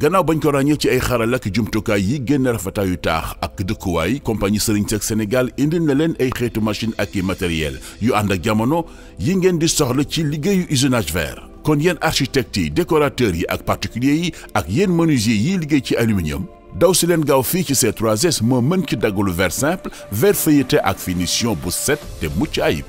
gannaaw bañ ko ràññee ci ay xaral ak jumtukaay yi génn rafetaayu taax ak dëkkuwaay compagnie Serigne Seck Sénégal indil na leen ay xeetu machine ak i matériel yu ànd ak jamono yi ngeen di soxla ci liggéeyu usinage verre. kon yéen architectes yi décorateurs yi ak particuliers yi ak yéen menuisier yi liggéey ci aluminium daw si leen gaaw fii ci ces 3S moo mën ci daggalu verre simple verre feuilleté ak finition bu set te mucc ayib.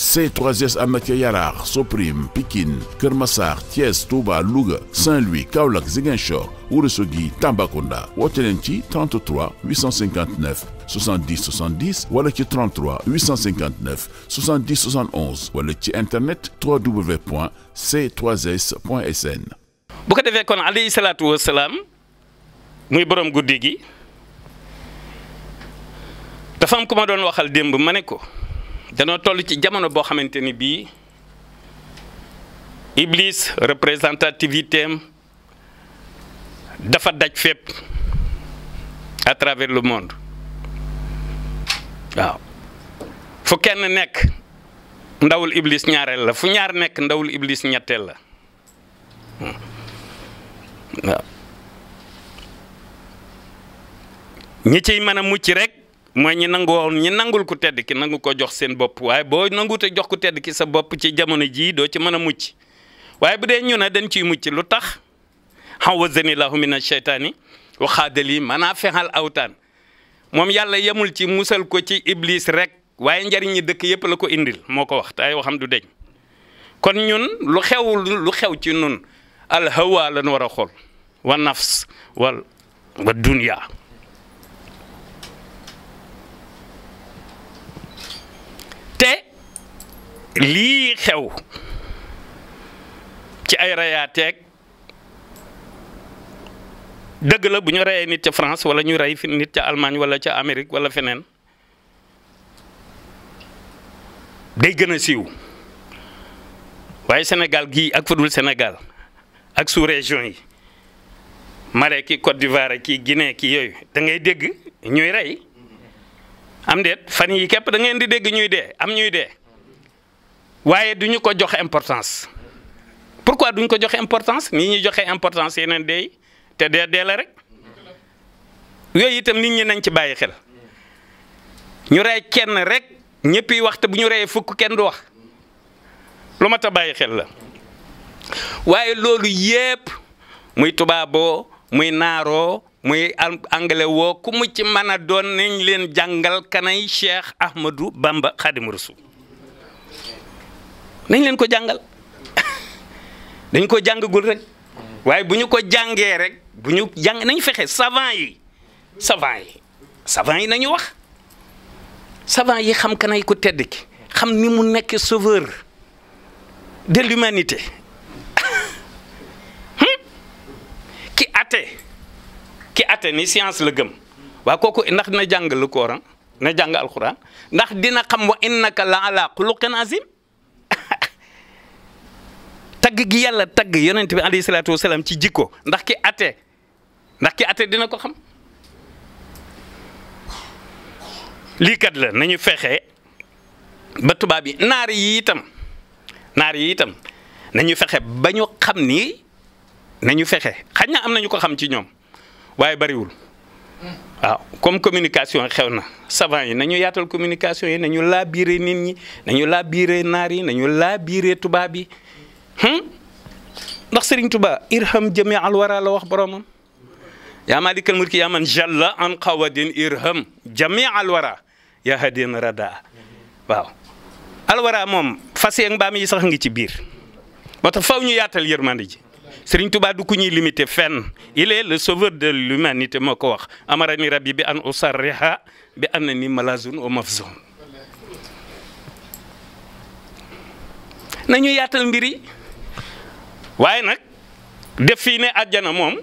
C3S am na ca Yaraax Soprim Pikine Kër Massar Thiès Touba Louga Saint-Louis Kaolack Ziguinchor Ourossogui Tambacounda woote leen ci 33 859 70 70 wala ci 33 859 70 71 wala ci internet www.c3s.sn. bu ko defee kon alayhi salaatu wa salaam muy borom guddi gi dafa am ku ma doon waxal démb ma ne ko. danoo toll ci jamono boo xamante ni bii Iblis représentativité am dafa daj fépp à travers le monde waaw fu kenn nekk ndawul Iblis ñaareel la fu ñaar nekk ndawul Iblis ñetteel la hmm. waaw ñi ciy mën a mucc rekk mooy ñi nangu ñi nangul ku tedd ki nangu ko jox seen bopp waaye boo nanguute jox ku tedd ki sa bopp ci jamono jii doo ci mën a mucc waaye bu dee ñu ne dañ ciy mucc lu tax hawazani lahu min asheytaani wa xaadali manaa fexal awtaan moom yàlla yemul ci musal ko ci iblis rek waaye njariñ ñi dëkk yëpp la ko indil moo ko wax ay waxam du deñ kon ñun lu xew lu xew ci nun al hawa lan war a xool wa nafs wal wa dunya lii xew ci ay rayaateeg dëgg la bu ñu reyee nit ca France wala ñu rey fi nit ca Allemagne wala ca Amérique wala feneen day gën a siiw waaye Sénégal gii ak fudul Sénégal ak sous région yi Mali ki Côte d'Ivoire ki Guinée ki yooyu dangay ngay dégg ñuy rey am déet fan yi képp da di dégg ñuy dee am ñuy dee. waaye du ñu ko jox importance pourquoi duñ ko joxe importance ni ñuy joxe importance yeneen dey te dee dee rek yooyu itam nit ñi nañ ci bàyyi xel ñu rey kenn rek ñëpp yi waxte bu ñu reyee fukk kenn du wax lu mat a bàyyi xel la waaye loolu yépp muy tubaaboo muy naaroo muy anglais woo ku mu ci mën a doon nañ leen jàngal kanay Cheikh Ahmadou Bamba Xaadimu Rasuul nañ leen ko jàngal dañ ko jàngagul rek waaye bu ñu ko jàngee rek bu ñu jàng nañ fexe savant yi savant yi savant yi nañu wax savant yi xam kanay ko tedd ki xam ni mu nekk soveur de l'humanité hmm? ki ate ki ate ni science la gëm waa kooku ndax dina jàng le Coran na jàng alquran ndax dina xam wa innaka la ala xuluqin azim tagg gi yàlla tagg yonent bi alayhi salaatu wasalaam ci jikko ndax ki ate ndax ki ate dina ko xam lii kat la nañu fexe ba tubaab yi naar yi itam naar yi itam nañu fexe ba ñu xam ni nañu fexe xaj na am nañu ko xam ci ñoom waaye bariwul waaw comme communication xew na savant yi nañu yaatal communication yi nañu laa biire nit ñi nañu laa biire naar yi nañu laa biire Hmm? ndax Serigne Touba irham jami al wara la wax boromam yaa malikal mulki yaa man jalla an qawadin irham jami al wara yaa hadin rada waaw alwara moom fas yeeg yi sax ngi ci biir moo tax faw ñu yaatal yërmande ji Serigne Touba du ku ñuy limité fenn le sauveur de l'humanité moo ko wax amarani rabbi bi an usarriha bi annani malazun wa mafzun nañu yaatal mbiri waaye nag def fii ne àjjana moom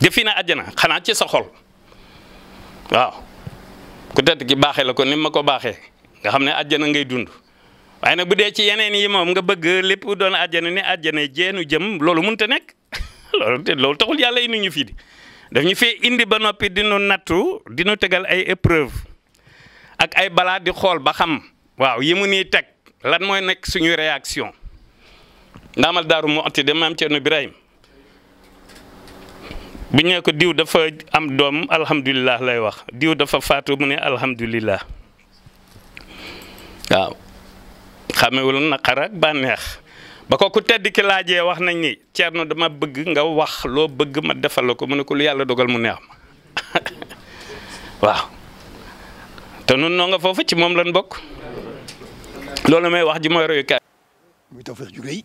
def fii àjjana xanaa ci sa xol waaw ku tedd ki baaxee la ko ni ma ko baaxee nga xam ne àjjana ngay dund waaye nag bu dee ci yeneen yi moom nga bëgg lépp doon àjjana ni àjjana jeenu jëm loolu mënut a nekk loolu te loolu taxul yàlla indi ñu fii di daf ñu fee indi ba noppi di nattu di nu ay épreuve ak ay balaa di xool ba xam waaw yi mu nii teg lan mooy nekk suñuy réaction ndaamal daaru mu atti de maam Thierno Birahim bu ñu ko diw dafa am doom alhamdulilah lay wax diw dafa faatu mu ne alhamdulilah waaw xamewul naqar ak bànneex ba ko ku tedd ki laajee wax nañ ni ceer Thierno dama bëgg nga wax loo bëgg ma defal la ko mu ne ko lu yàlla dogal mu neex ma waaw te nun noo foofu ci moom lan bokk loolu may wax ji mooy royukaay muy